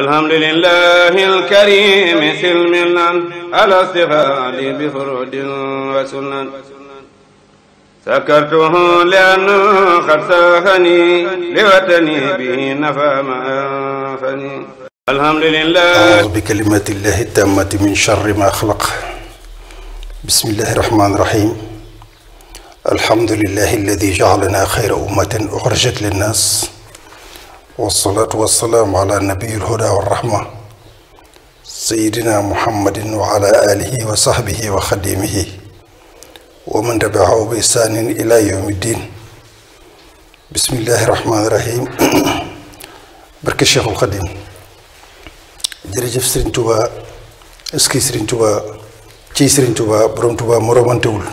alhamdulillahi alkarimi silmilan alastihadi bifurudin wa sunan sakartuhu liannu qad sahani liwatani bihi nafa ma anfani alhamdulillahi aoudu bikalimatillahi tammati min charri ma xalaq bismillahi rahmani rahim alhamdulillahi alladi jaalana xayra ummatin uxrijat linnas wasalaatu wasalaamu ala nabiyil huda wa rahma sayidina muhammadin wa ala alihi wa sahbihi wa xadimihi wa man tabiahu bi isaanin ila yawmi ddin bismillahi rahmaani rahim barke cheikhul xadim jërëjëf sëriñ tuba eski sëriñ tuba ci sëriñ tuba borom tuba moromantewul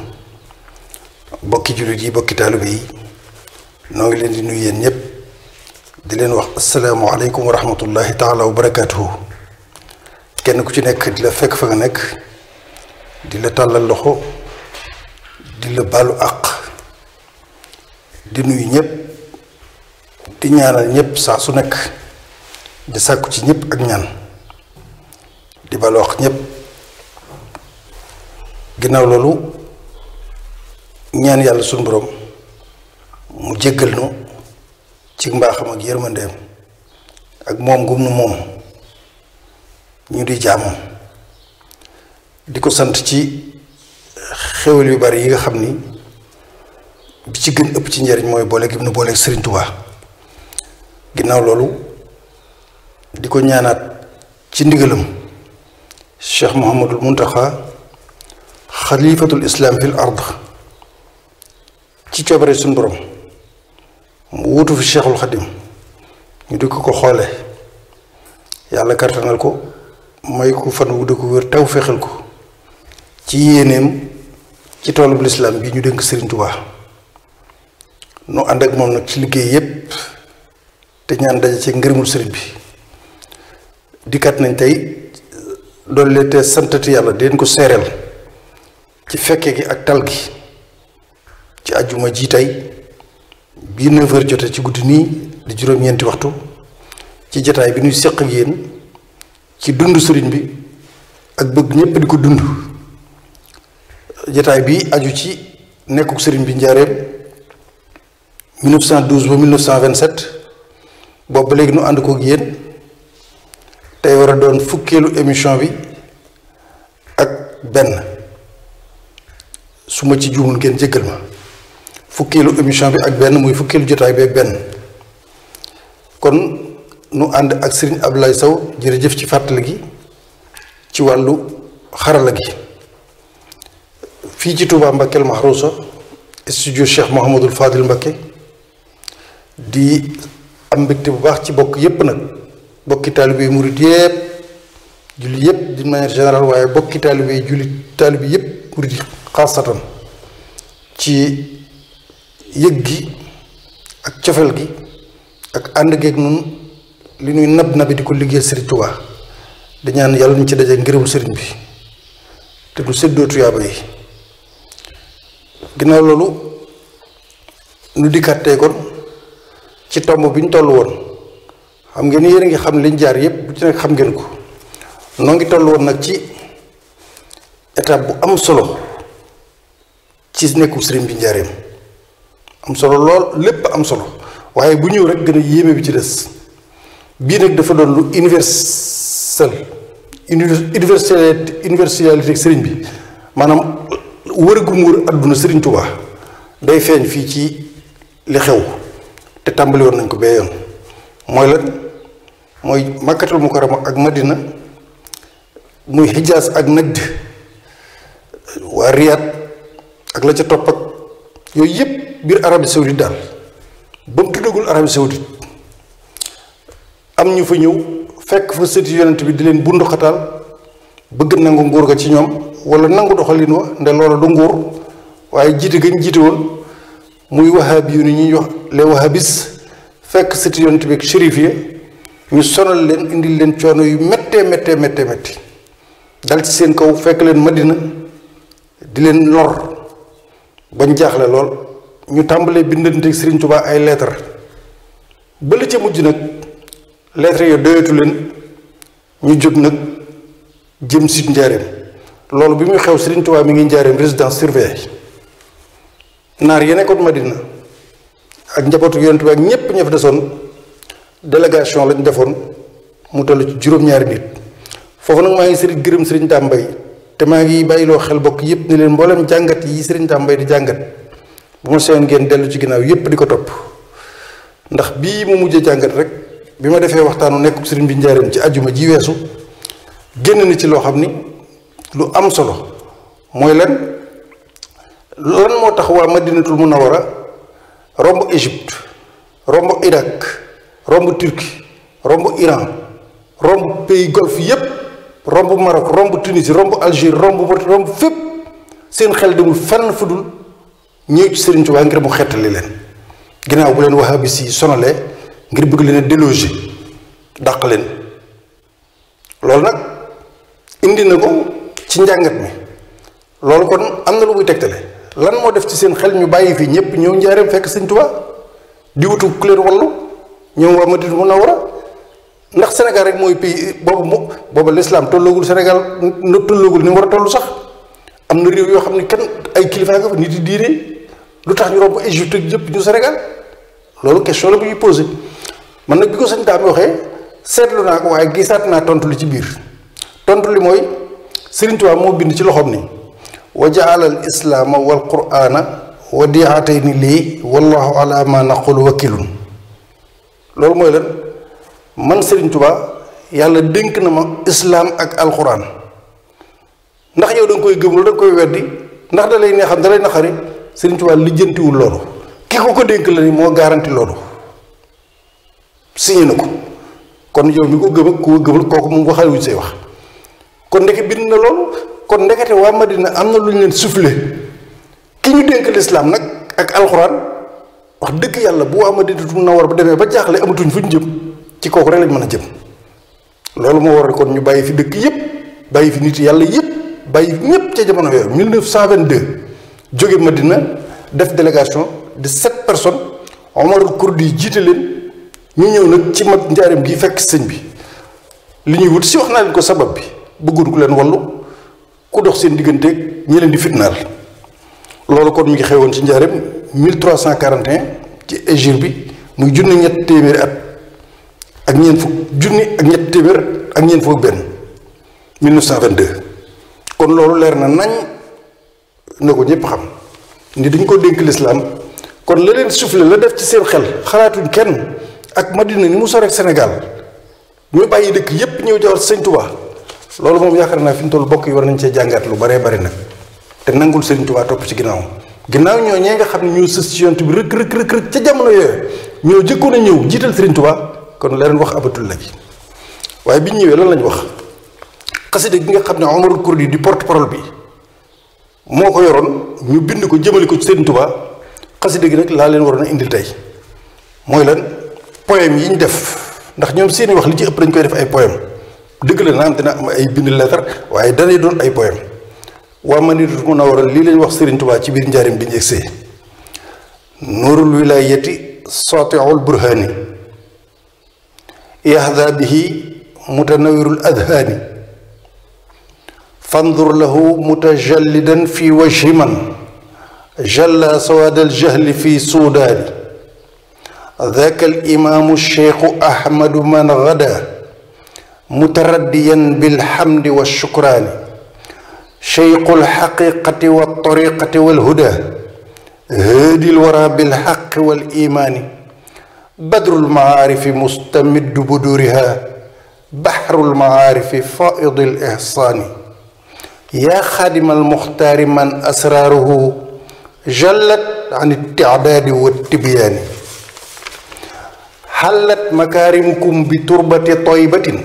bokki jullit bokki taalibe yi noo ngi leen di nuyu di leen wax asalaamaaleykum wa rahmatullahi taala wa barakaatuhu kenn ku ci nekk di la fekk fa nga nekk di la tàllal loxo di la baalu àq di nuyu ñëpp di ñaanal ñëpp saa su nekk di sàkku ci ñépp ak ñaan di baalu àq ñëpp ginnaaw loolu ñaan yàlla sunu borom mu jéggal nu ci mbaaxam ak yërmandeem ak moom gum nu moom ñu di jaamam di ko sant ci xéwal yu bari yi nga xam ni bi ci gën ëpp ci njariñ mooy boole gi nu booleeg Sëriñ ginnaaw loolu di ko ñaanaat ci ndigalam Cheikh Mouhamadul Muntaxa xalifatul islaam fil ard ci coobare suñu borom mu wutu fi Cheikhul Khadim ñu di ko ko xoole yàlla kartanal ko may ko fan wu di ko wér taw fexeel ko ci yéeneem ci toolub lislaam bi ñu dénk Serigne Touba nu ànd ak moom nag ci liggéey yépp te ñaan daje ci ngërëmul sëriñ bi dikkat nañ tey doole te santati yàlla deen ko seereel ci fekke gi ak tal gi ci àjjuma ji tey bii 9h ci guddi nii di juróom-ñeenti waxtu ci jataay bi ñuy seq ak ci dund sëriñ bi ak bëgg ñëpp di ko dund jataay bi aju ci nekkuk sëriñ bi njaareem 1912 ba 1927 boobu ba léegi nu ànd koog yéen tey war a doon fukkeelu émission bi ak benn su ma ci juumul ngeen jéggal ma. fukkeelu émission bi ak benn muy fukkeelu jotaay bi ak benn kon nu ànd ak Serigne Abdoulaye Sow jërëjëf ci fàttali gi ci wàllu xarala gi fii ci Touba Mbakkel Mahrousa studio Cheikh Mouhamadul Fadil Mbakke di am mbégte bu baax ci bokk yépp nag bokki taalibe murit yépp jullit yépp d'une manière générale waaye bokki taalibe jullit taalibe yépp murit xaasatan ci yëg gi ak cofeel gi ak ànd geeg nun li ñuy nab nabi di ko liggéey sëriñ Tuubaa di ñaan yàlla ñu ci daje ngërëmu sëriñ bi te du séddoo tuyaaba yi ginnaaw loolu nu dikkaatee kon ci tomb bi ñu toll woon xam ngeen yéen a ngi xam liñ jaar yépp bu ci nekk xam ngeen ko noo ngi toll woon nag ci étape bu am solo ci nekkum sëriñ bi njaareem am solo lool lépp am solo waaye bu ñëw rek gën a yéeme bi ci des bii nag dafa doon lu universel universalité universalité sëriñ bi maanaam wër gu mu wër adduna sëriñ Tuubaa day feeñ fii ci li xew te tàmbali nañ ko bee yoon mooy la mooy makkatul mukarama ak madina muy xijaas ak najd waa riyaat ak la ca topp ak yooyu yëpp biir Arabie Saoudite daal ba mu tuddagul Arabie Saoudite am ñu fa ñëw fekk fa sëti yonent bi di leen bundu bëgg nangu nguur ga ci ñoom wala nangu doxalin wa nde loola du nguur waaye jiite gañ jiite woon muy wahabi yu ni ñuy wax les wahabis fekk sëti yonent bi ak shérif yi ñu sonal leen indi leen coono yu méttee méttee méttee métti dal ci seen kaw fekk leen madina di leen lor bañ jaaxle lool ñu tàmbalee bindanteeg Serigne Touba ay lettre ba la mujj nag lettre yo doyatu leen ñu jóg nag jëm si njaareem loolu bi muy xew Serigne Touba mi ngi njaareem résidence surveillée naar ya nekkoon dina ak njabootu yonent bi ak ñépp ña fa desoon délégation lañu defoon mu toll ci juróom-ñaari nit foofu nag maa ngi sëriñ gërëm sëriñ Tàmbay te maa ngi bàyyiloo xel bokk yépp ne leen mbooleem jàngat yi sëriñ Tàmbay di jàngat bu ma seen ngeen dellu ci ginnaaw yépp di ko topp ndax bii mu mujjee jàngat rek bi ma defee waxtaanu nekk sëriñ bi njaareem ci ajuma ji weesu génn na ci loo xam ni lu am solo mooy lan lan moo tax waa madinatul munawara romb Égypte romb Irak romb Turquie romb Iran romb pays golfe yépp romb Maroc romb Tunisie romb Algérie romb romb fépp seen xel demul fan fu dul ñëw ci Serigne Touba ngir mu xettali leen ginnaaw bu leen wax wahabis yi sonalee ngir bëgg leen a déloger dàq leen loolu nag indi na ko ci njàngat mi loolu kon am na lu muy tegtale lan moo def ci seen xel ñu bàyyi fii ñëpp ñëw njaareem fekk Serigne Touba di wutu ku leen wallu ñoom waa war a ndax senegal rek mooy pays boobu mu booba l'islam tolloogul Sénégal na tolloogul ni mu war a toll sax am na réew yoo xam ne kenn ay kilifa nga fa nit yi diine lu tax ñu romb Égypte ak ñu Sénégal loolu question la bu ñuy posé man nag bi ko sëñ Dame waxee seetlu naa ko waaye gisaat naa tontu li ci biir tontu li mooy Sëriñ Tuubaa moo bind ci loxoom ni wa jaala al islaama wal quraana wa diatayni lii loolu mooy lan man Sëriñ yàlla dénk na ma islaam ak alquran ndax yow da koy gëm lu da nga koy weddi ndax da lay neexam da lay naqari Sëriñ Tuubaa lijjantiwul loolu ki ko ko dénk la ni moo garanti loolu signé na ko kon yow mi ko gëm ak koo gëmul kooku moom waxal wuñ say wax kon ndeke bind na loolu kon ndekete waa Madina am na lu ñu leen soufflé ki ñu dénk lislaam nag ak alxuraan wax dëgg yàlla bu waa Madina na nawar ba demee ba jaaxle amatuñ fu ñu jëm ci kooku rek lañ mën a jëm loolu moo waral kon ñu bàyyi fi dëkk yépp bàyyi fi nit yàlla yépp bàyyi fi ñépp ca jamono yooyu 1922 jóge Madina def délégation de sept personnes Omar yi jiite leen ñu ñëw nag ci mag njaaram gi fekk sëñ bi li ñuy wut si wax naa leen ko sabab bi bëggoon ku leen wallu ku dox seen diggante ñi leen di fitnaal loolu kon ngi xewoon ci njaaram 1341 ci Égypte bi muy junni ñett téeméeri at ak ñeen fukk junni ak ñett téeméer ak ñeent fukk benn 1922 kon loolu leer na nañ na ko ñëpp xam ni dañ ko dénk lislaam kon leneen leen la def ci seen xel xalaatuñ kenn ak Madina ni mu sore ak Sénégal ñu bàyyi dëkk yépp ñëw jawar sëñ Touba loolu moom yaakaar naa fi ñu toll bokk yi war nañ cee jàngat lu baree bari nag te nangul sëñ Touba topp ci ginnaaw ginnaaw ñoo ñee nga xam ne ñoo sës ci yont bi rëkk rëkk rëkk rëkk jamono yooyu ñoo jëkkoon a ñëw jiital sëriñ Touba kon la wax abatul la bi waaye bi ñu ñëwee lan lañ wax xasida gi nga xam ne Omarul Kurdi di porte parole bi moo ko yoroon ñu bind ko jëmale ko ci Sëriñ Tuubaa xasida gi nag laa leen waroon a indil tey mooy lan poème yi ñu def ndax ñoom seeni wax li ci ëpp dañ koy def ay poème dëgg la naan dina am ay bind lettre waaye danay doon ay poème waa Madinatul Munawwara lii lañ wax Sëriñ Tuubaa ci biir njaarim bi ñu egsee nuurul wilaayati saatiul burhaani yahda bihi mutanawirul adhaani fandur lahu mutajallidan fi wajhi man jalla sawaad aljahli fi suudaani ذاك الإمام الشيخ أحمد من غدا مترديا بالحمد والشكران شيخ الحقيقة والطريقة والهدى هادي الورى بالحق والإيمان بدر المعارف مستمد بدورها بحر المعارف فائض الإحصان yaa xaadimal muxtaari man asraaruhu jallat an ittidaadi wa tibyaani xallat makaarimukum bi turbati toybatin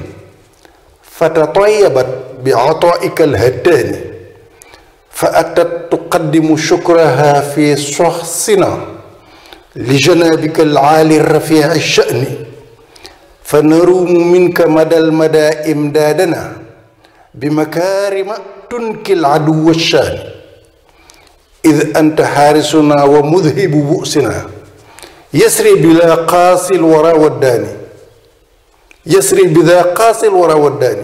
fatatayabat bi ataaika alhattaani fa atat tuqaddimu shukraha fi soxsina li janaabika alaali rafiici sha'ni fa naruumu minka madal madaa imdaadana bi makaarima تنكي العدو الشام إذ أنت حارسنا ومذهب بؤسنا يسري بلا قاس الورى والداني يسري بذا قاس الورى والداني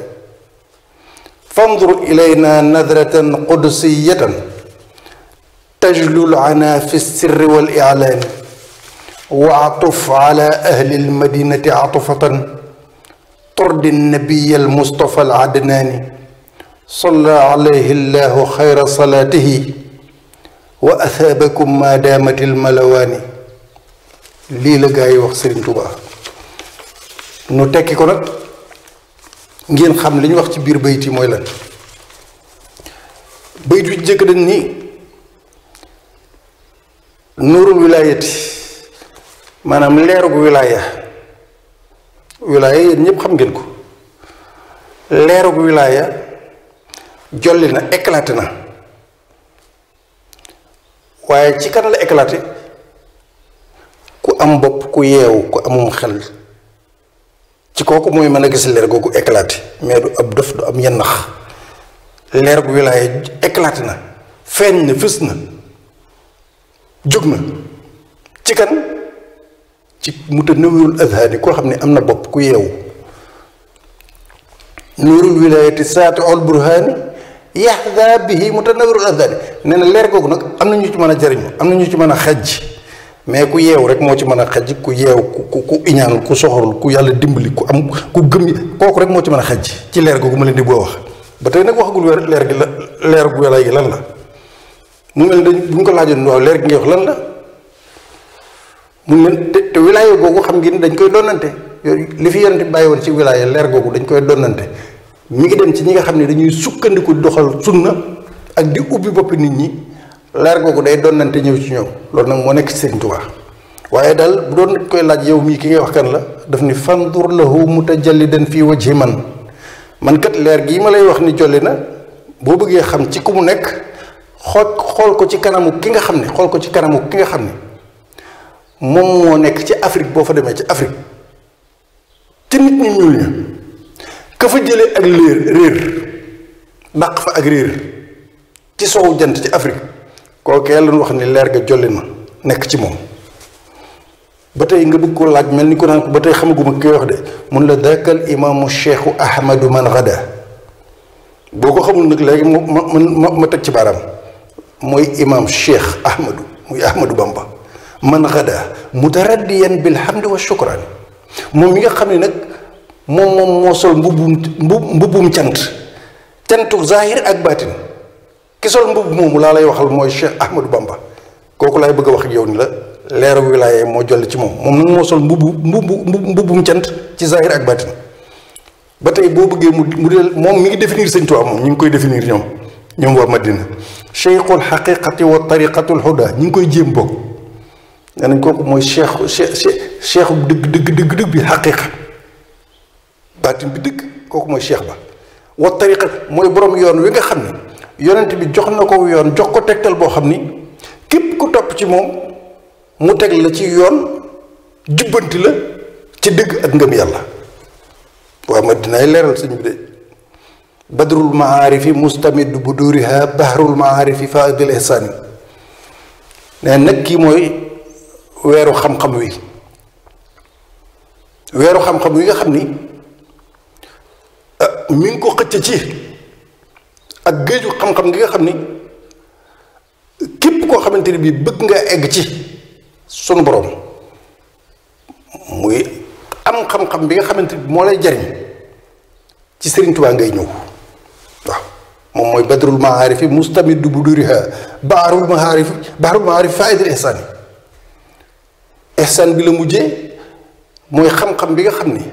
فانظر إلينا نذرة قدسية تجلو العنا في السر والإعلان واعطف على أهل المدينة عطفة ترضي النبي المصطفى العدناني صلى عليه الله خير صلاته وأثابكم ما wax Serigne Touba nu tekki ko nag ngeen xam li wax ci biir bayit yi mooy lan bayit yu jëkk dañ ni nuurul wilaayati maanaam leerug ngeen ko leerug wilaaya jolli na éclaté na waaye ci kan la éclaté ku am bopp ku yeewu ku amum xel ci kooku mooy mën a gis leer googu éclaté mais du ab dof du am yennax leer wilaaye éclaté na feeñ na fës na jóg na ci kan ci mutanawwirul azhaani koo xam ne am na bopp ku yeewu nuurul wilaayati saati ol burhaani yaxda bi mutanawwirul azdaani nee na leer googu nag am na ñu ci mën a jëriñu am na ñu ci mën a xaj mais ku yeew rek moo ci mën a xaj ku yeew ku ku iñaanul ku soxorul ku yàlla dimbali ku am ku gëm kooku rek moo ci mën a xaj ci leer googu ma leen di boo wax ba tey nag waxagul leer gi la leer gu yàlla lan la mu mel dañ bu ñu ko laajoon waaw leer gi ngay wax lan la mu leen te te wilaaya googu xam ngeen dañ koy donnante li fi yonent bàyyi woon ci wilaaya leer googu dañ koy donnante mi ngi dem ci ñi nga xam ne dañuy sukkandiku doxal na ak di ubbi boppi nit ñi leer googu day donnante ñëw ci ñoom loolu nag moo nekk seen Sëriñ waaye dal bu doon koy laaj yow mii ki ngay wax kan la daf ni fandur lahu mutajallidan fii wajhi man man kat leer gii ma lay wax ni jolli na boo bëggee xam ci ku mu nekk xool xool ko ci kanamu ki nga xam ne xool ko ci kanamu ki nga xam ne moom moo nekk ci Afrique boo fa demee ci Afrique ci nit ñi ñuul ka fa jëlee ak léer réer naq fa ak réer ci sowu jant ci Afrique kookee lañ wax ni leer ga jolli na nekk ci moom ba tey nga bëgg ko laaj mel ni ko naan ko ba tey xamaguma koy wax de mun la dakal imaamu cheikhu ahmadu man gada boo ko xamul nag léegi ma ma ma teg ci baaraam mooy imaam cheikh ahmadu muy ahmadu bamba man gada mutaraddiyan bilhamdi wa shukran moom mi nga xam ne nag moom moom moo sol mbubbum mbubbum cant cantu zahir ak baatin ki sol mbubb moomu laa lay waxal mooy Cheikh Ahmadou Bamba kooku laay bëgg a wax ak yow ni la leeru wilaaye moo joll ci moom moom nag moo sol mbubbu mbubbu mbubbum cant ci zahir ak baatin ba tey boo bëggee mu mu del moom mi ngi définir sëñ Tuubaa moom ñu ngi koy définir ñoom ñoom waa Madina cheikhul xaqiqati wa tariqatul huda ñu ngi koy jéem bokk nee nañ kooku mooy cheikh cheikh cheikh dëgg dëgg dëgg dëgg bi baatin bi dëgg kooku mooy Cheikh Ba wa tariqa mooy borom yoon wi nga xam ne yonent bi jox na ko yoon jox ko tegtal boo xam ni képp ku topp ci moom mu teg la ci yoon jubbanti la ci dëgg ak ngëm yàlla waaw ma dinaay leeral sëñ bi de badrul maarifi mustamid bu duuriha bahrul maarifi faadil ihsaani ne nag kii mooy weeru xam-xam wi weeru xam-xam wi nga xam ni mi ngi ko xëcc ci ak géeju xam-xam gi nga xam ni képp koo xamante ni bii bëgg nga egg ci sunu borom muy am xam-xam bi nga xamante ni moo lay jariñ ci Serigne Touba ngay ñëw waaw moom mooy badrul maarifi mustamiddu buduriha baarul maarifi baarul maarifi faidil ihsaan yi ihsaan bi la mujjee mooy xam-xam bi nga xam ni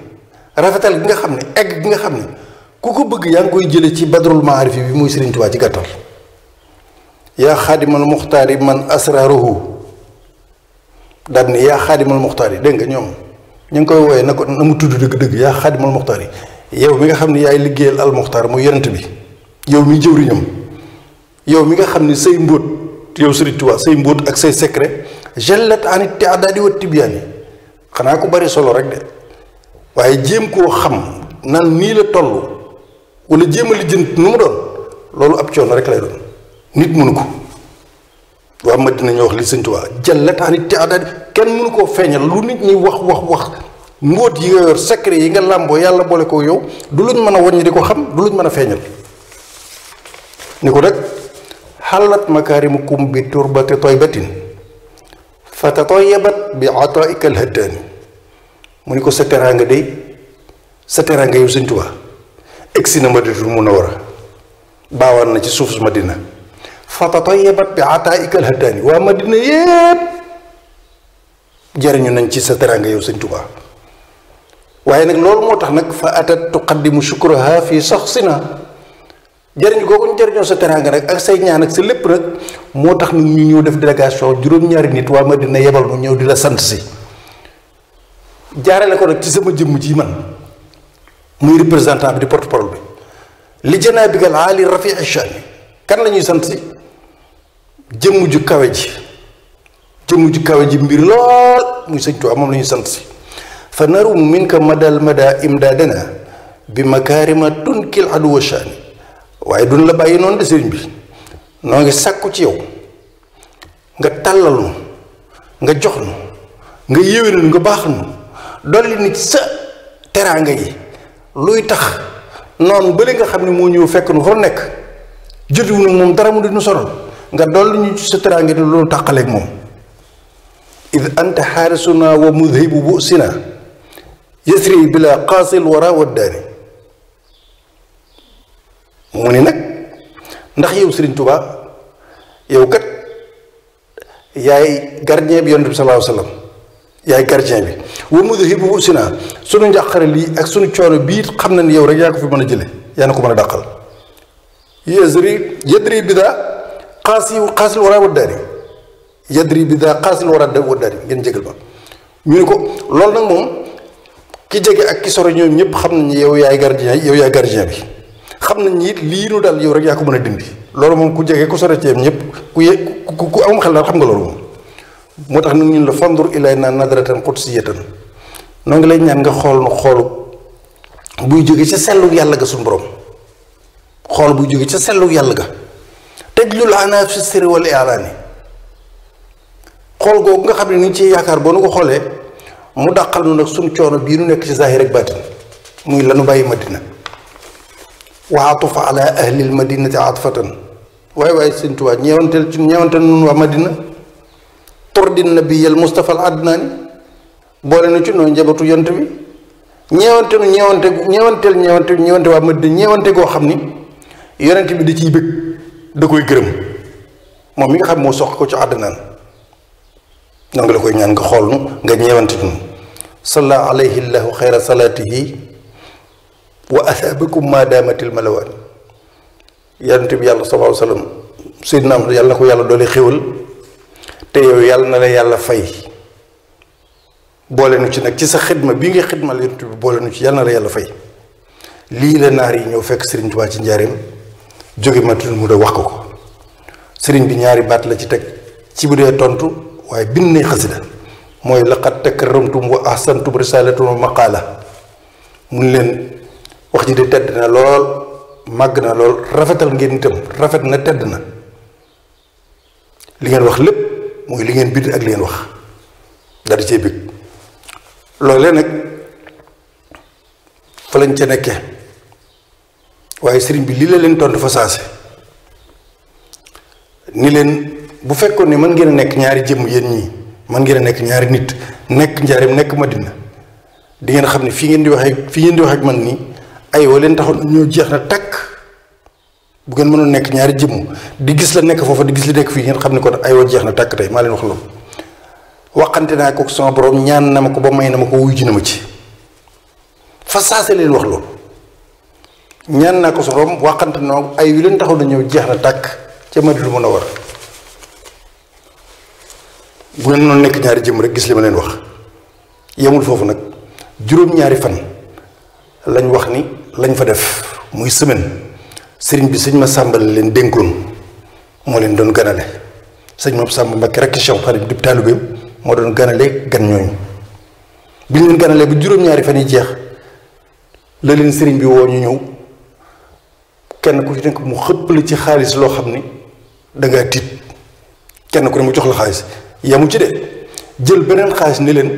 rafetal gi nga xam ne egg gi nga xam ni ku ko bëgg yaa ngi koy jële ci badrul maarifi bi muy Sëriñ Tuubaa ci gàttal yaa xaadimal muxtaari man asraruhu daal ne yaa xaadimal muxtaari dégg nga ñoom ñu ngi koy wooyee na ko na mu tudd dëgg-dëgg yaa xaadimal muxtaari yow mi nga xam ne yaay liggéeyal al muxtaar muy yonent bi yow mi jëwriñam yow mi nga xam ne say mbóot yow Sëriñ say mbóot ak say secret gellat anit te addaadi wa yi xanaa ko bari solo rek de waaye jéem koo xam nan nii la toll wala jéem a lijjant nu mu doon loolu ab coono rek lay doon nit mënu ko waa dina ñoo wax li sëñ Tuubaa jallataani taadaani kenn mënu koo feeñal lu nit ñi wax wax wax mbóot yi nga yor secret yi nga làmboo yàlla boole ko yow du luñ mën a wàññi di ko xam du luñ mën a feeñal ni ko nag xalat makaarimukum bi turbati toybatin fa tatoyabat bi ataaika alhëttaani mu ni ko sa teraanga day sa teraanga yow sëñ Tuubaa egsi na ma madinatul a baawaan na ci suuf su dina fa tatayabat bi ataaika alhaddaani waa madina yépp jariñu nañ ci sa teranga yow sañ Tuubaa waaye nag loolu moo tax nag fa atat tuqaddimu shukraha fi saxsina jariñ googuñ jariñoo sa teranga nag ak say ñaan ak sa lépp nag moo tax nu ñu ñëw def délégation juróom-ñaari nit waa madina yebal nu ñëw di la sant si jaarale ko nag ci sama jëmm ji man muy représentant bi di porte parole bi li janaa bi gal aali rafi shani kan lañuy sant si jëmm ju kawe ji jëmm ju kawe ji mbir lool muy sëñ Tuubaa moom la sant si fa narum ma ka madal mada imdaadana bi makaarima tunkil aduwa shani waaye duñ la bàyyi noonu de sëriñ bi noo ngi sàkku ci yow nga tàllal nu nga jox nu nga yéwénal nga baax nu dolli nit sa teraanga yi luy tax noon bële nga xam ne moo ñëw fekk nu fa nekk jotiwu nag moom dara mu di nu sonal nga dolli ñu sa teraange ne loolu tàqaleeg moom id anta xaarisuna wa mudhibu bu sina yasri bila xaasil wara waddaani mu ni nag ndax yow Sëriñ Tuubaa yow kat yaay gardien bi yonent bi sallallahu alayhi yaay gardien bi wa mudhibu usina sunu njàqare lii ak sunu coono bii xam na ni yow rek yaa ko fi mën a jële yaa na ko mën a dàqal yadri yadri bida xaasi xaasil wara waddaari yadri bida xaasil wara waddaari ngeen jégal ba ñu ne ko loolu nag moom ki jege ak ki sore ñoom ñëpp xam nañ yow yaay gardien yow yaay gardien bi xam nañ it lii nu dal yow rek yaa ko mën a dindi loolu moom ku jege ku sore ci yam ñëpp ku ye ku am xel daal xam nga loolu moom moo tax ñun la fandur ilay naa nadratan qudsiyatan noo ngi lay ñaan nga xool nu xoolu buy jóge ca sellu yàlla ga suñu borom xool buy jóge ca sellu yàlla ga tëjlul ana fi sirri wal i'laani xool googu nga xam ne ni ngi ci yaakaar boo nu ko xoolee mu dàqal nu nag suñu coono bii nu nekk ci zahir ak baatin muy lanu bàyyi madina wa atufa ala ahlil madinati atfatan waaye waaye sëñ ñeewanteel ñeewanteel nun waa madina turdi nabiyal Mustafa al Adnani boole na ci noonu njabootu yont bi ñeewante nu ñeewante ñeewanteel ñeewante ñeewante goo xam ni yonent bi da ciy bëgg da koy gërëm moom mi nga xam moo sox ko ci Adnaan noonu nga la koy ñaan nga xool nu nga ñeewante nu salla alayhi llahu xayra salaatihi wa asaabakum ma daamatil malawaan yonent bi yàlla sallallahu alayhi wa sallam am yàlla ko yàlla doole xéwal te yow yàlla na la yàlla fay boole ci nag ci sa xidma bi nga xidmal yonent bi boole nu ci yàlla na la yàlla fay lii la naar yi ñëw fekk sëriñ Tuubaa ci njaareem jóge ma mu da wax ko bi ñaari baat la ci teg ci bu dee tontu waaye bind ne xasida mooy laqad santu bu ahsantum risalatan wa maqaala mun leen wax ji de tedd na lool màgg na lool rafetal ngeen itam rafet na tedd na li ngeen wax lépp mooy li ngeen bind ak leen wax nga di cee bég loolee nag fa lañ ca nekke waaye sëriñ bi li la leen tontu fa saase ni leen bu fekkoon ni mën ngeen a nekk ñaari jëmm yéen ñii mën ngeen a nekk ñaari nit nekk njaarim nekk ma dina di ngeen xam ne fii ngeen di waxee fii ngeen di wax ak man nii ay wa leen taxoon ñoo jeex na takk bu ngeen mënoon nekk ñaari jëmm di gis la nekk foofa di gis li nekk fii ngeen xam ne kon aywa jeex na tàkk tey maa leen wax loolu waxante naa ko sama borom ñaan na ko ba may na ko wuyu ji na ma ci fa saase leen wax loolu ñaan naa ko sa borom waxante naa ko ay wi leen taxaw na ñëw jeex na tàkk ca ma di lu mën a war bu ngeen noonu nekk ñaari jëmm rek gis li ma leen wax yemul foofu nag juróom-ñaari fan lañ wax ni lañ fa def muy semaine. sëriñ bi sëñ ma sàmbale leen dénkoon moo leen doon ganale sëñ ma sàmba Mbàkke rekk Cheikh Xaadim dib taalibeem moo doon ganale gan ñooñu bi ñu leen ganalee bu juróom-ñaari fan yi jeex la leen sëriñ bi woo ñu ñëw kenn ku ci nekk mu xëppale ci xaalis loo xam ni danga tiit kenn ku ne mu jox la xaalis yamu ci de jël beneen xaalis ni leen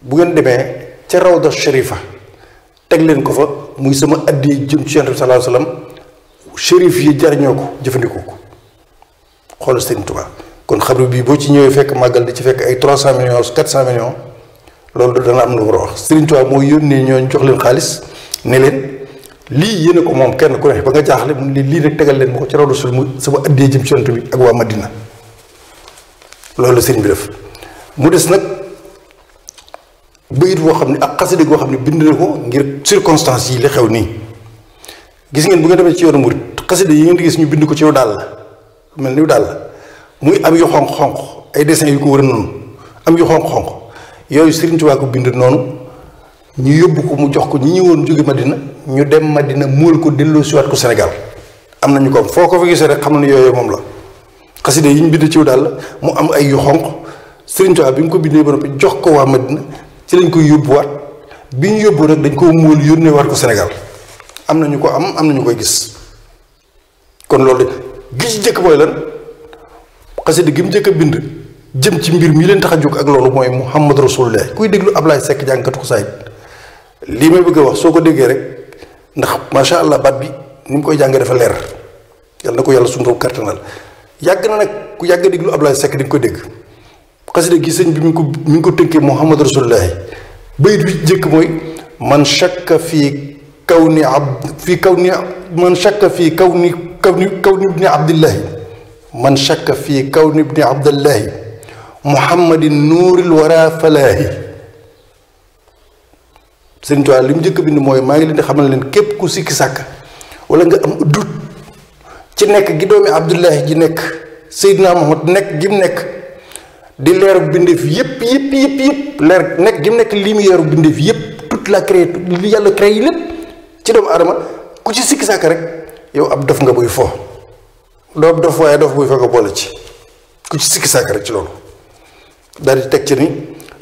bu ngeen demee ca rawda sharifa teg leen ko fa muy sama addi jëm ci yonent bi sa alayhi wasallam shérif yi jariñoo ko jëfandikoo ko xoolal Sëriñ Tuubaa kon xabru bii boo ci ñëwee fekk màggal di ci fekk ay trois cent millions quatre cent millions loolu dana am lu war a wax Sëriñ Tuubaa mooy yónnee ñooñu jox leen xaalis ne leen lii yéene ko moom kenn ku ne ba nga jaaxle mu lii lii nag tegal leen ma ko ci raw Rasul mu sama addee jëm ci bi ak waa Madina loolu sëriñ bi def mu des nag bayit woo xam ne ak xasida goo xam ne bind na ko ngir circonstances yi li xew nii gis ngeen bu ngeen demee ci yoonu murit xasida yi ngeen di gis ñu bind ko ci daal mel ni daal muy am yu xonq-xonq ay dessins yu ko wër am yu xonq-xonq yooyu Sëriñ Tuubaa bind noonu ñu yóbbu ko mu jox ko ñi ñëwoon jóge Madina ñu dem Madina muul ko delloo siwaat ko Sénégal am nañu ko foo ko gisee rek xam na ne yooyu moom la xasida yi ñu bind ci daal mu am ay yu xonq Sëriñ Tuubaa bi ko bindee jox ko waa maddina ci lañ koy yóbbuwaat bi ñu yóbbu rek dañ ko móol yónnee waat ko senegal am na ñu ko am am na ñu koy gis kon loolu de gis njëkk mooy lan xasida gi mu njëkk bind jëm ci mbir mi leen tax a jóg ak loolu mooy Muhammad Rasulullah kuy déglu Ablaye Seck jànkatu ko saayit lii may bëgg wax soo ko déggee rek ndax macha allah baat bi ni mu koy jàngee dafa leer yàlla na ko yàlla suñu raw kartanal yàgg na nag ku yàgg déglu Ablaye Seck di nga ko dégg. xasida gi sëñ bi mi ngi ko mi ngi ko tënkee Muhammad Rasulullahi bayit bi njëkk mooy man shakka fii kaw ni kaw ni man shakka fii kaw ni kaw ni fii kaw ni ibni abdillahi muhammadin nuuril li mu njëkk bind mooy maa ngi leen di xamal leen képp ku sikki sàkk wala nga am dut ci nekk gi doomi abdullahi ji nekk Seydina Muhammad nekk gi mu nekk di leeru bindeef yëpp yëpp yëpp yëpp leer nekk gi mu nekk lumière bindeef yëpp toute la créé li yàlla créé lépp ci doomu aadama ku ci sikki sàkk rek yow ab def nga buy fo doo dof waaye dof buy fo nga boole ci ku ci sikki sàkk rek ci loolu daal di teg ci ni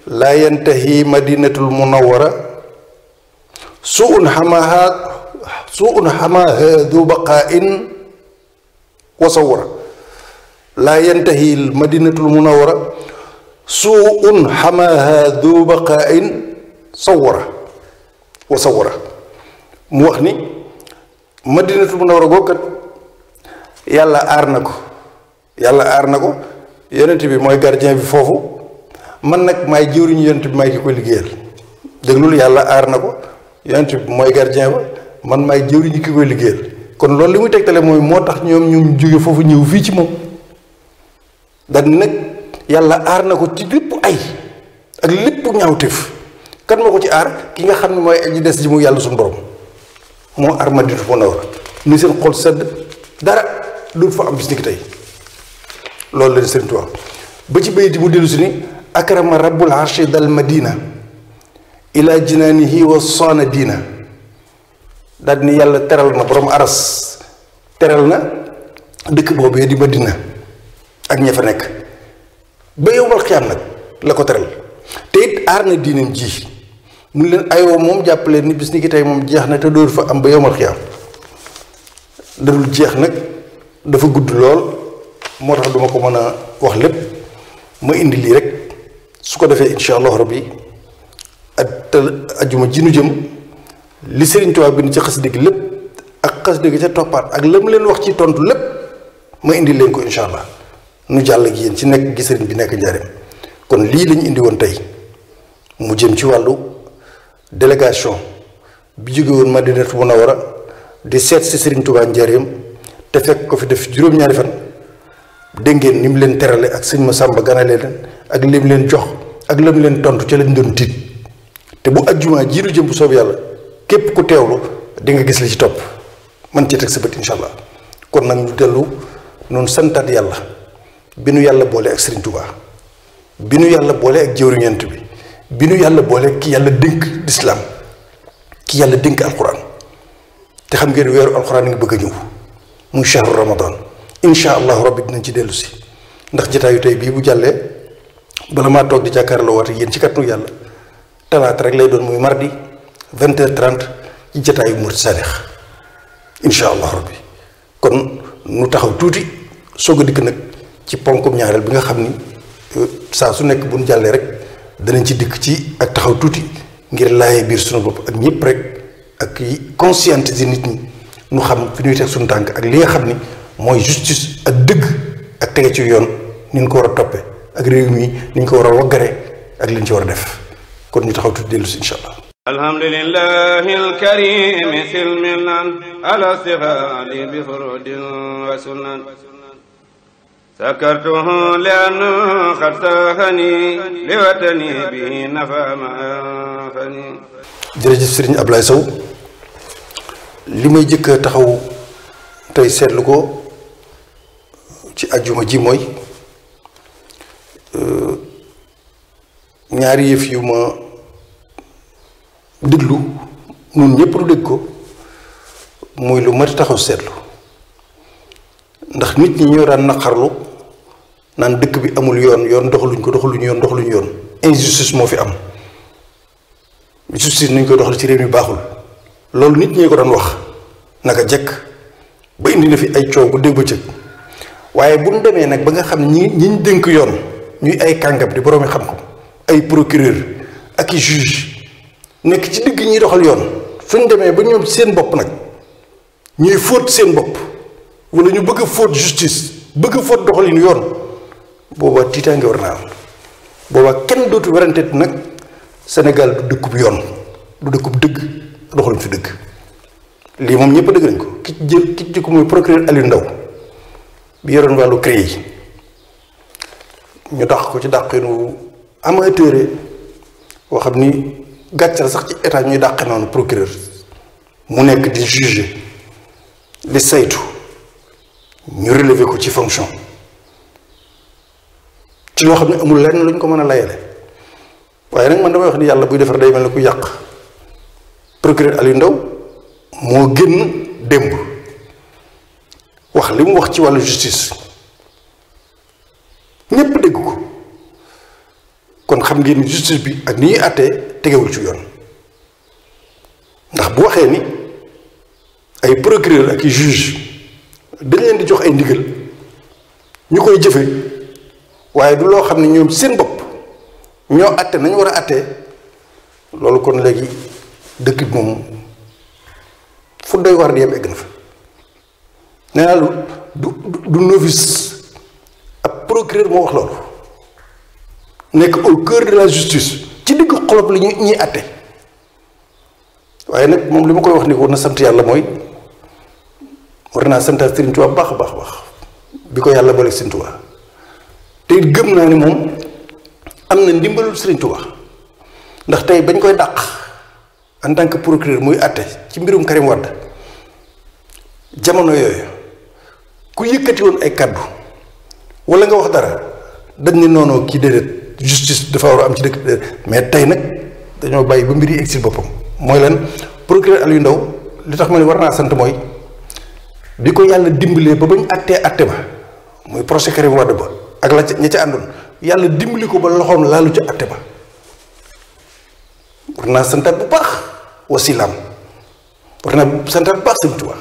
laa yantahi madinatul munawwara suun xamaha suun xamaha du baqain wasawara laa yantahi madinatul munawwara suun xamaaha du baqaain sawara wa sawara mu wax ni madinatul munawwara googu kat yàlla aar na ko yàlla aar na ko yonent bi mooy gardien bi foofu man nag maay jëwriñu yonent bi maay ki ko liggéeyal déglul yàlla aar na ko yonent bi mooy gardien ba man maay jëwriñu ki koy liggéeyal kon loolu li muy tegtale mooy moo tax ñoom ñu jóge foofu ñëw fii ci moom dan nag yàlla aar na ko ci lépp ay ak lépp ñaawteef kan moo ko ci aar ki nga xam ne mooy aji des ji mu yàlla suñu borom moo aar Madinatu Munawwara ni seen xol sedd dara du fa am bis tey loolu la di Sëriñ Tuubaa ba ci bayit di mu dellu si ni akrama rabbul arshi dal madina ila jinaanihi wa saana diina daal ni yàlla teral na borom aras teral na dëkk boobee di Madina ak ña fa nekk ba yow xiyaam nag la ko teral te it aar na diinam ji mu leen ayoo moom jàppaleen ni bis ni ki tey moom jeex na te dóor fa am ba yow wal xiyaam dadul jeex nag dafa gudd lool moo tax duma ko mën a wax lépp ma indi lii rek su ko defee incha allahu rabbi at ajuma ji nu jëm li Sëriñ Tuubaa bind ci xasida gi lépp ak xasida gi ca toppaat ak la mu leen wax ci tontu lépp ma indi leen ko incha allah nu jàll ak yéen ci nekk gi sëriñ bi nekk njaareem kon lii lañu indi woon tey mu jëm ci wàllu délégation bi jóge woon Madinatu Munawara di seet si sëriñ Tuubaa njaareem te fekk ko fi def juróom-ñaari fan dégg ngeen ni leen terale ak sëñ ma sàmba ganale leen ak lim leen jox ak lam leen tontu ci lañ doon tiit te bu ajjumaa jiiru jëm bu soob yàlla képp ku teewlu di nga gis li ci topp man ci teg sa bët incha allah kon nag mu dellu noonu santaat yàlla bi nu yàlla boole ak Serigne tubaa bi nu yàlla boole ak jëwriñu Yonent bi bi nu yàlla boole ki yàlla dénk lislaam ki yàlla dénk alxuraan te xam ngeen weeru alxuraan ngi bëgg a ñëw muy shahru ramadan incha allahu rabbi dinañ ci dellu si ndax jataayu tey bii bu jàllee bala maa toog di jàkkaarloo waat yéen ci kàttanu yàlla talaata rek lay doon muy mardi vingt heures trente ci jataayu Murid Saadix incha allahu rabbi kon nu taxaw tuuti soog a dikk nag. ci ponkum ñaareel bi nga xam ni euh, saa su nekk bu ñu jàllee rek danañ ci dikk ci ak taxaw tuuti ngir laayee biir suñu bopp ak ñëpp rek ak conscientiser nit ñi nu xam fi ñuy teg suñu tànk ak li nga xam ni mooy justice ak dëgg ak tege ci yoon ni ñu ko war a toppee ak réew mi ni ñu ko war a waggare ak li ñu ci war a def kon ñu taxaw tuuti dellu si incha allah. الحمد لله الكريم سلمنا على صغار بفرد وسنن سكرته لأنه قد ساخني لوطني به نفى ما أنفني jërëjëf Serigne Ablaye Sow li may jëkk taxaw tey seetlu ko ci ajjuma ji mooy ñaari yëf yu ma déglu ñun ñëpp lu dégg ko muy lu mat taxaw seetlu ndax nit ñi ñoo daan naqarlu naan dëkk bi amul yoon yoon doxaluñ ko doxaluñ yoon doxaluñ yoon injustice moo fi am justice niñ koy doxal ci réew mi baaxul loolu nit ñi ko doon wax naka jekk ba indi na fi ay coow bu dégg ba waaye bu ñu demee nag ba nga xam ñi ñi ñu dénk yoon ñuy ay kàngam di boroomi xam ko ay procureur ak i juge nekk ci dëkk ñuy doxal yoon suñ demee ba ñoom seen bopp nag ñuy fóot seen bopp wala ñu bëgg fóot justice bëgg fóot doxalin yoon boobaa tiitaange war naa am boobaa kenn dootu werante nag Sénégal du dëkkub yoon du dëkkub dëgg doxaluñ fi dëgg lii moom ñëpp dëgg nañ ko ki ci jël ki ko muy procureur Aliou Ndao bi yoroon wàllu CREI yi ñu dàq ko ci dàq yi nu amateure boo xam ni gàccal sax ci état ñuy dàqe noonu procureur mu nekk di juger li saytu ñu relever ko ci fonction ci loo xam ne amul lenn luñ ko mën a layale waaye nag man damay wax ni yàlla buy defar day mel ni ku yàq procureur Aliou Ndao moo génn démb wax li mu wax ci wàllu justice ñépp dégg ko kon xam ngeen ni justice bi ak nii ñuy àttee tegewul ci yoon ndax bu waxee ni ay procureur ak i juge dañ leen di jox ay ndigal ñu koy jëfe waaye du loo xam ne ñoom seen bopp ñoo àtte nañu war a attee loolu kon léegi dëkk bi moom fut doy war di yem egg na fa nee naa du du novice ab procureur moo wax loolu nekk au cœur de la justice ci digg xolob li ñu ñuy atte waaye nag moom li ma koy wax ni war na sant yàlla mooy war naa santaat Sëriñ Tuubaa baax a baax baax bi ko yàlla boole Sëriñ Tuubaa te gëm naa ni moom am na ndimbalul Serigne Touba ndax tey bañ koy dàq en tant que procureur muy àtte ci mbirum Karim Wade jamono yooyu ku yëkkati woon ay kàddu walla nga wax dara dañ ne noonu kii déedéet justice dafa war a am ci dëkk mais tey nag dañoo bàyyi ba mbir yi si boppam mooy lan procureur yu ndaw li tax ma ne war naa sant mooy bi ko yàlla dimbalee ba bañ àttee àtte ba muy procès Karim Wade ba. ak la ca ña ca àndoon yàlla dimbali ko ba loxoom laalu ca atte ba war naa santaat bu baax wasilaam war naa santaat bu baax sëñ Tuubaa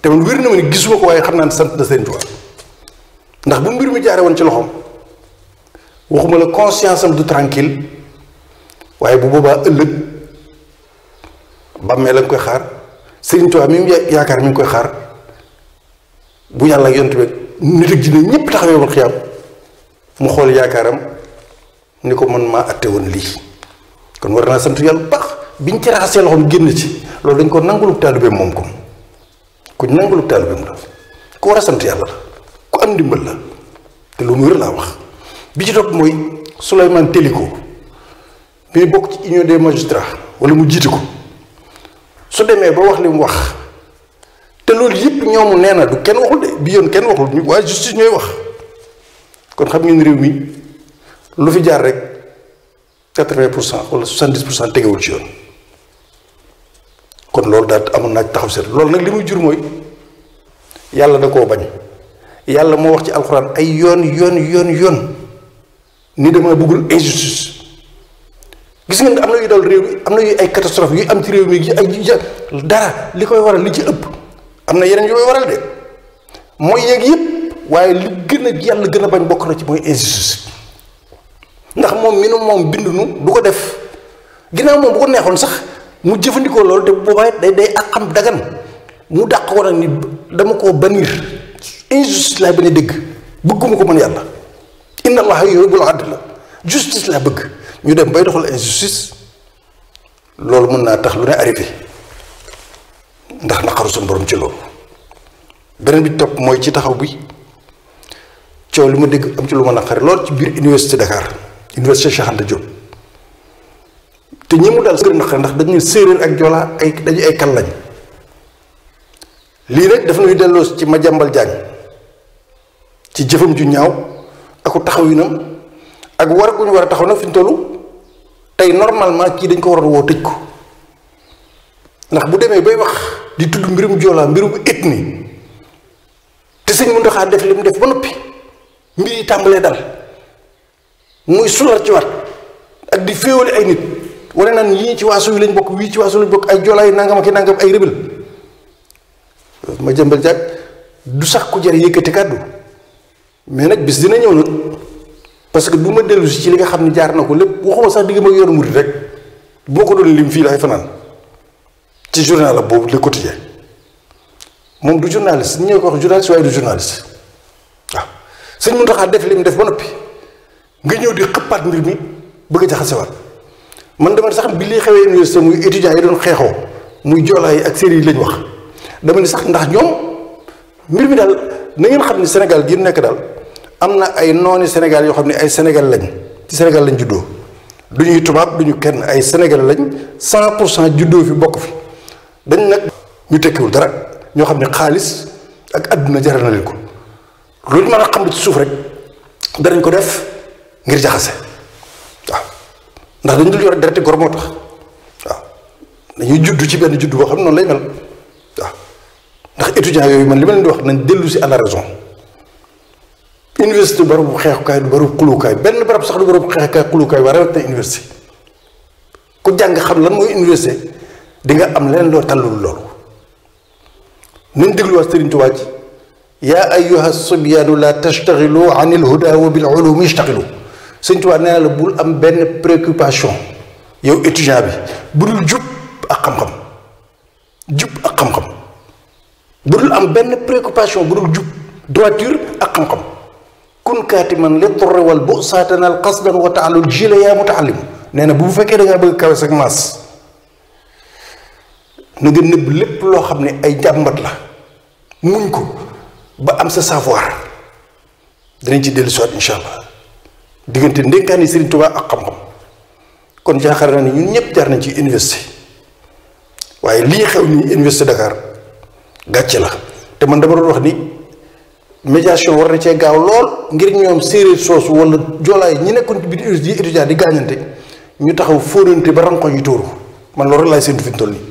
te man wér na ma ne gisuma ko waaye xam naa ne sant na sëñ Tuubaa ndax bu mbir mi jaaree woon ci loxoom waxuma la conscience am du tranquille waaye bu boobaa ëllëg bàmmee la nga koy xaar sëñ Tuubaa mi yaakaar mi ngi koy xaar bu yàlla ak yonent bi nit ak jinne ñépp taxawee woon xiyaam mu xool yaakaaram ni ko man maa atte woon lii kon war naa sant yàlla bu baax biñ ci raxasee loxo loxoom génn ci loolu dañ ko nangulub taalibeem moom ko ku nangulub taalibeem la ku war a sant yàlla la ku am ndimbal la te lu mu wér laa wax bi ci topp mooy Souleymane ko bi bokk ci union de magistrats wala mu jiite ko su demee ba wax li mu wax te loolu yëpp ñoomu nee na du kenn waxul de bi yoon kenn waxul waa justice ñooy wax kon xam ngeen réew mi lu fi jaar rek quatre-vingt pour cent wala soixante-dix pour cent tegewul ci yoon kon loolu daal amoon naa taxaw seet loolu nag li muy jur mooy yàlla da koo bañ yàlla moo wax ci alxuraan ay yoon yoon yoon yoon ni dama bëggul injustice gis ngeen am na yu dal réew mi am na yu ay catastrophe yu am ci réew mi ay dara li koy waral li ci ëpp am na yeneen yu koy waral de mooy yeeg yëpp. waaye li gën a gën a bañ bokk na ci mooy injustice ndax moom mi nu moom bind nu du ko def ginnaaw moom bu ko neexoon sax mu jëfandikoo loolu te boo boobaay day day ak xam dagan mu daq ko nag ni dama koo baniir injustice laay bañ a dégg bëgguma ko mën yàlla inna allaha yuhibbul adla justice laa bëgg ñu dem bay doxal injustice loolu mën naa tax lu ne arrivé ndax naqaru suñu borom ci loolu beneen bi topp mooy ci taxaw bi coow li ma dégg am ci lu ma naqari lool ci biir université Dakar université Cheikh Anta Diop te ñi mu dal gën a naqari ndax dañu séeréer ak jola ay dañu ay kan lañ lii nag dafa nuy delloo ci ma jàmbal jàng ci jëfam ju ñaaw aku taxawinam ak war gu ñu war a taxaw nag fi ñu tey normalement kii dañ ko waroon woo tëj ko ndax bu demee bay wax di tudd mbirum joolaa mbirum ethnie te sëñ Mountakha def li mu def ba noppi mbir yi tàmbalee dal muy sular ci wat ak di féewale ay nit wane naan yii ci waasu yi lañ bokk wii ci waasu lañ bokk ay joolaayu nangam ak nangam ay rébël ma jëmbal jàpp du sax ku jar yëkkati kàddu mais nag bis dina ñëw nag parce que du ma dellu si ci li nga xam ne jaar na ko lépp waxuma sax digg ma yoonu murid rek boo ko doon lim fii laay fanaan ci journal la boobu le quotidien moom du journaliste ñoo ko wax journaliste waaye du sëñ Muntaxa def li mu def ba noppi nga ñëw di xëppaat mbir mi bëgg a jaxasewaat man dama sax bi lii xewee université muy étudiants yi doon xeexoo muy joolaay ak séeréer yi lañ wax dama ni sax ndax ñoom mbir mi daal na ngeen xam ni Sénégal gi nekk daal am na ay noone Sénégal yoo xam ne ay Sénégal lañ ci Sénégal lañ juddoo du ñuy tubaab du ñu kenn ay Sénégal lañ cent pour cent juddoo fi bokk fi dañ nag ñu tekkiwul dara ñoo xam ne xaalis ak àdduna jaral na leen ko. loolu ñu mën a xam ci suuf rek danañ ko def ngir jaxase waaw ndax dañ dul yore dereti gor moo juddu ci benn juddu boo xam noonu lay mel waaw ndax étudiants yooyu man li ma leen di wax nañ dellu si à la raison université barabu xeexukaay du barabu xulukaay benn barab sax du barabu xeexukaay xulukaay waaye rawatina université ku jàng xam lan mooy université di nga am leneen loo tàllul loolu nañ dégluwaat Serigne Touba ci yaa ayyuha subyaanu la tastaxilu an il huda wa bil ulumi istaxilu sëñ Tuubaa am benn préoccupation yow bi bu dul jub ak xam-xam jub ak am benn préoccupation bu dul jub droiture ak xam-xam kun kaatiman li turri wal bu saatanal qasdan wa taalul jila bu fekkee da ngaa bëgg kawe na nga lépp loo xam ne ay jàmbat la muñ ko ba am sa savoir danañ ci dellu soit incha allah diggante ndénkaani Serigne Touba ak xam-xam kon jaaxaar naa ne ñun ñëpp jaar nañ ci université waaye lii xew ni université Dakar gàcce la te man dama doon wax ni médiation war na cee gaaw lool ngir ñoom séeréer soosu wala joolaay ñi nekkoon ci biir université di gaañante ñu taxaw fóonante ba ranko yu tóoru man loolu laay séntu fi mu toll nii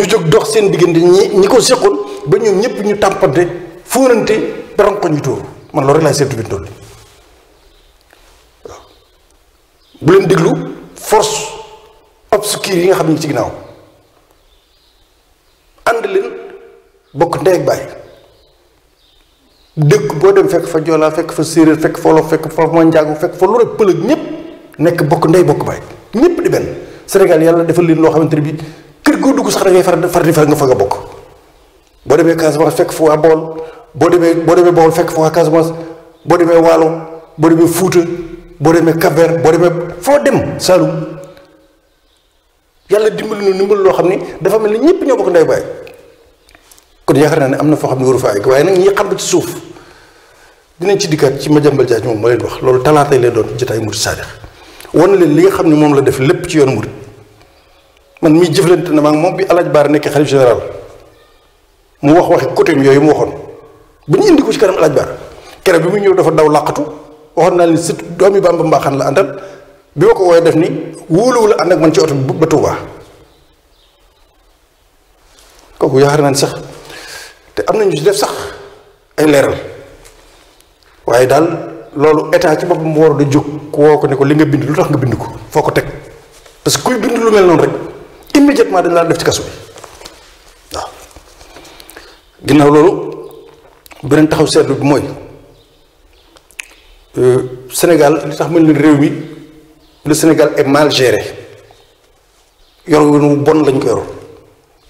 ñu jóg dox seen diggante ñi ñi ko seqoon ba ñoom ñëpp ñu tàmpante fóonante borom ko ñuy tuur man loolu rek laay seetlu bi toll waaw bu leen déglu force obscure yi nga xam ne ci ginaaw ànd leen bokk ndey ak bàyyi dëkk boo dem fekk fa joolaa fekk fa séeréer fekk fa wolof fekk fa moo njaagu fekk fa lu rek pëlëg ñëpp nekk bokk ndey bokk bàyyi ñëpp di benn Sénégal yàlla defal leen loo xamante ne bii kër goo dugg sax da ngay far far di far nga fa nga bokk boo demee Casamance fekk fa waa Bawol boo demee boo demee Bawol fekk fa waa Casamance boo demee Waalo boo demee Fuuta boo demee cap boo demee foo dem Saalum yàlla dimbali nu dimbali loo xam ne dafa mel ni ñëpp ñoo bokk ndey baay kon yaakaar naa ne am na foo xam ne waru fa àgg waaye nag ñi xam ci suuf dinañ ci dikkaat ci ma Madiambal Diagne moom ma leen wax loolu talaatay leen doon jotaay murid saadix wan leen li nga xam ne moom la def lépp ci yoon murid man mii jëflante na maa moom bi El Baar nekk général mu wax waxi côté yooyu mu waxoon ba ñu indi ko ci kanam alaaj baar keroog bi muy ñëw dafa daw làqatu waxoon naa leen surtout doomi Bàmba mbaaxaan la àndal bi ko woowee def ni wóoluwu la ànd ak man ci oto ba Tuubaa kooku sax te am nañu ci def sax ay leeral waaye daal loolu état ci mu war da jóg woo ko ne ko li nga bind lu tax nga bind ko foo ko teg parce que kuy bind lu mel noonu rek immédiatement dañ laa def ci kaso bi ginnaaw loolu beneen taxaw seetlu bi mooy euh, Sénégal li tax mel ni réew mi le Sénégal est mal gere yor wu bon lañ ko yor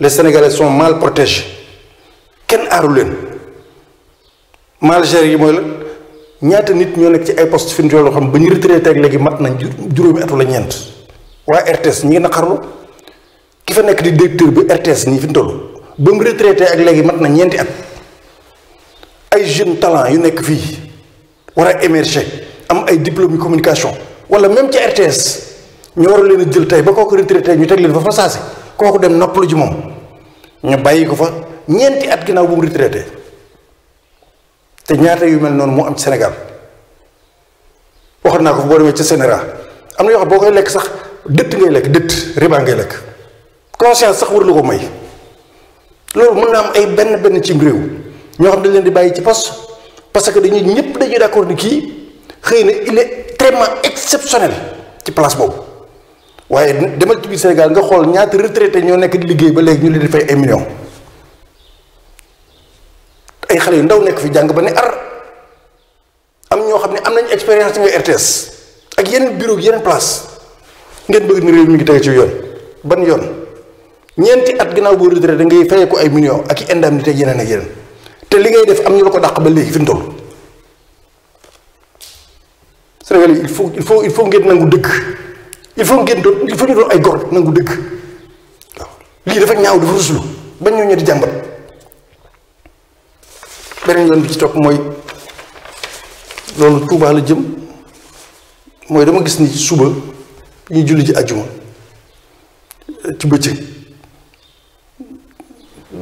les Sénégalais sont mal protégés kenn aaru leen mal gere yi mooy la ñaata nit ñoo nekk ci ay poste fi mu yoo xam ba ñu retraité ak léegi mat nañ juróomi at la ñeent waa RTS ñi ngi naqarlu ki fa nekk di directeur bi RTS ñi fi mu toll. ba mu retraité ak léegi mat na ñeenti at ay jeunes talent yu nekk fii war a émerger am ay diplôme communication wala même ci RTS ñu war a leen jël tey ba ko retraité ñu teg leen fa fa saasi kooku dem noppalu ji moom ñu bàyyi ko fa ñeenti at ginnaaw bu mu retraité te ñaata yu mel noonu moo am ci Sénégal waxoon naa ko boo demee ci Sénégal am na yoo xam boo koy lekk sax dëtt ngay lekk dëtt riba ngay lekk conscience sax war warlu ko may. loolu mën na am ay benn benn cim réew ñoo xam dañ leen di bàyyi ci poste parce que dañuy ñëpp dañuy d'accord ni kii xëy na il traitement tellement exceptionnel ci place boobu waaye demal ci biir Sénégal nga xool ñaata retraité ñoo nekk di liggéey ba léegi ñu leen di fay ay ay xale yu ndaw nekk fi jàng ba ne ar am ñoo xam ne am nañ expérience nga RTS ak yenn bureau yeneen place ngeen bëgg ni réew mi ngi tege ci yoon ban yoon. ñeenti at ginnaaw boo retraité da ngay fayee ko ay millions ak i indemnité yeneen ak yeneen te li ngay def am ñu la ko dàq ba léegi fi mu toll. Sénégal yi il faut il faut il faut ngeen nangu dëkk il faut ngeen doon il faut ñu doon ay góor nangu dëkk waaw lii dafa ñaaw dafa ruslu ba ñëw ñetti jàmbat beneen yoon bi ci topp mooy loolu Touba la jëm mooy dama gis ni suba ñu julli ji àjjuma ci bëccëg.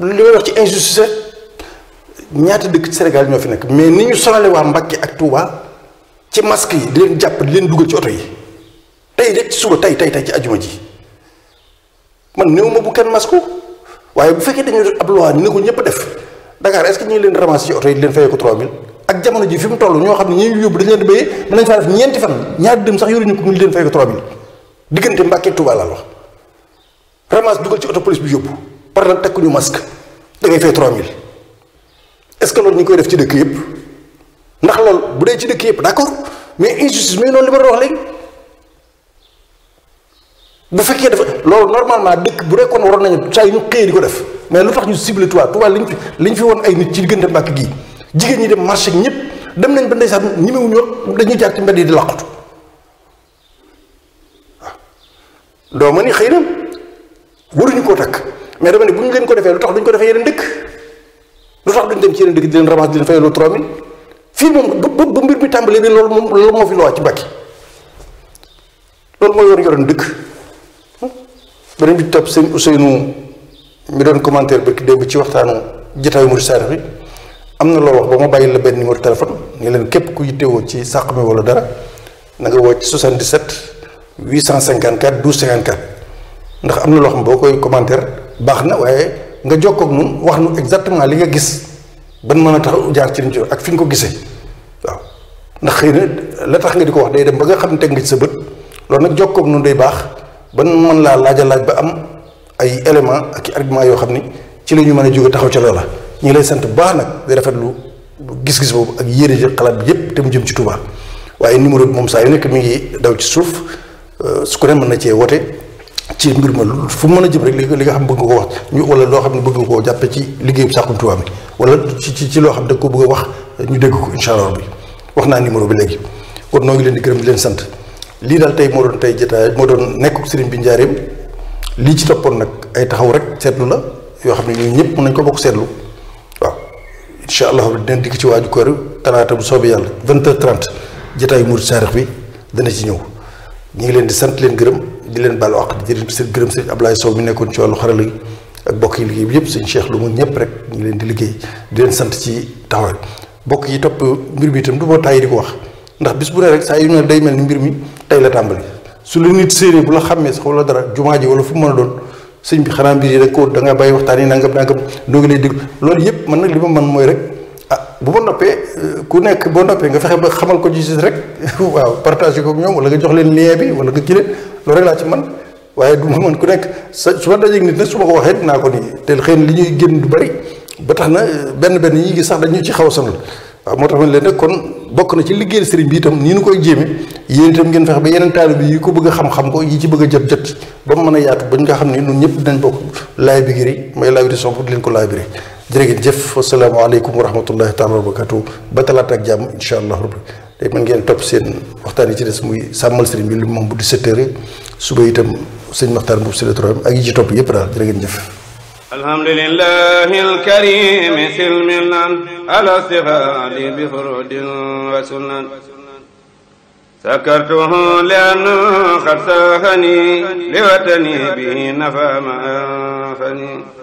li may wax ci injustice ñaata dëkk ci Sénégal ñoo fi nekk mais ni ñu sonale waa Mbacke ak tuuba ci masque yi di leen jàpp leen dugal ci oto yi tey rek ci suba tey tey tey ci ajuma ji man néew ma bu kenn masque waaye bu fekkee dañu ab loi ne ko ñëpp def Dakar est-ce que ñu leen ramasser ci oto yi di leen fayee ko 3000 ak jamono ji fi mu ñoo xam ne ñi yóbbu dañ leen di béyee nañ faa def ñeenti fan ñaari dem sax yoruñu ko ñu leen fayee ko 3000 diggante Mbacke Touba laa wax dugal ci oto bi yóbbu. par a takkuñu masque da ngay fay 3000 est-ce que loolu ñu koy def ci dëkk yëpp ndax loolu bu dee ci dëkk yëpp d'accord mais injustice mi noonu li ma doon wax léegi bu fekkee dafa loolu normalement dëkk bu rekkoon waroon nañu saa yu ñu xëyee di ko def mais lu tax ñu ciblé Touba Touba liñ fi liñ fi woon ay nit ci diggante Mbàkke gi jigéen ñi dem marché ñëpp dem nañ ba ndeysaan ñi mewuñu woon dañuy jaar ci mbedd yi di làqatu waaw ma ni xëy na waruñu koo takk. mais dama ne bu ñu leen ko defee lu tax duñ ko defee yeneen dëkk lu tax duñ dem ci yeneen dëkk di leen ramas di leen fayaloo 3000 fii moom ba ba mbir mi tàmbalee bi loolu moo fi loo ci Mbàkke loolu mooy war yoroon dëkk beneen bi topp sëñ Ousseynou mi doon commentaire bi démb ci waxtaanu jotaayu mu Sarr bi am na loo wax ba ma bàyyi la benn numéro téléphone ne leen képp ku yittewoo ci sàq mi wala dara na nga woo ci 77 854 12 54 ndax am na loo xam boo koy commentaire. baax na waaye nga jokkoo ak ñun wax nu exactement li nga gis ban mën a tax jaar ci liñ ci ak fi ko gisee ndax xëy na la tax ko wax day dem ba nga xam ne teg nga ci sa bët loolu nag jokkoo ak ñun day baax ban mën laa laaj laaj ba am ay éléments ak i arguments yoo xam ni ci la ñu mën a jóge taxaw ca loola ñu ngi lay sant bu baax nag di rafetlu gis-gis boobu ak yéene ji xalaat bi yépp te mu jëm ci Touba waaye numéro bi moom saa yu nekk mi ngi daw ci suuf euh, su ko ne mën na cee woote. ci mbir ma fu mën a jëm rek li nga xam bëgg nga ko wax ñu wala loo xam ne bëgg nga koo jàppe ci liggéeyu Saxum Touba bi wala ci ci loo xam ne da ko bëgg a wax ñu dégg ko incha allah wax naa numéro bi léegi kon noo ngi leen di gërëm di leen sant lii daal tey moo doon tey jotaay moo doon nekk sëriñ bi njaareem lii ci toppoon nag ay taxaw rek seetlu la yoo xam ne ñun ñëpp nañ ko bokk seetlu waaw incha allah dinañ dikk ci waaju koor talaata bu soobee yàlla vingt heures trente jotaay Mouride Sarix bi dana ci ñëw ñu ngi leen di sant leen gërëm di leen baalu àq di leen seen gërëm sëñ Ablaye Sow mi nekkoon ci wàllu xarala yi ak mbokk yi liggéey bi yëpp sëñ Cheikh lu mu ñëpp rek ñu leen di liggéey di leen sant ci taxawaay bokk yi topp mbir mi itam du ma tàyyi di ndax bis bu ne rek saa yu ne mel ni mbir mi tey la tàmbali su la nit séenee bu la xàmmee sax wala dara jumaa ji wala fu mu mën a doon sëñ bi xanaa mbir yi rek ko da ngaa bàyyi waxtaan yi nangam nangam doo lay déglu loolu yëpp man nag li ma man mooy rek bu ma noppee euh, ku nekk boo noppee nga fexe ba xamal ko ci rek waaw partagé ko ñoom wala nga jox leen lien bi wala nga kii loolu rek laa ci man waaye du ma mën ku nekk sa su ma dajeeg nit nag su ma ko waxee dinaa ko nii te xëy na li ñuy génn du bari ba tax na euh, benn benn yi ngi sax dañu ci xaw a moo tax ma leen nag kon bokk na ci liggéeyal sëriñ bi itam nii nu koy jéeme yéen itam ngeen fexe ba yeneen taalib yi ko bëgg a xam-xam ko yi ci bëgg a jot jot ba mu mën a yaatu ba ñu nga xam ne ñun ñëpp dinañ bokk laabiri may laabiri soo leen ko laabiri jërë ngeen jëf asalaamaaleykum wa rahmatullahi taala wa barakatu ba talaata ak jàmm incha allah rabbi tey ngeen topp seen waxtaan yi ci des muy sàmmal sëriñ bi lu moom bu di sept heures suba itam sëñ Maxtaar Mbuub si la turam ak yi ci topp yëpp daal jërë ngeen jëf